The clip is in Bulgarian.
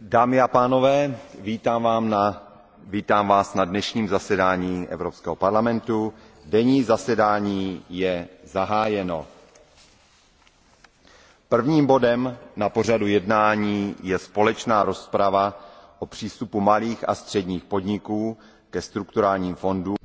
dámy a pánové vítám vás na dnešním zasedání evropského parlamentu. denní zasedání je zahájeno. prvním bodem na pořadu jednání je společná rozprava o přístupu malých a středních podniků ke strukturálním fondům.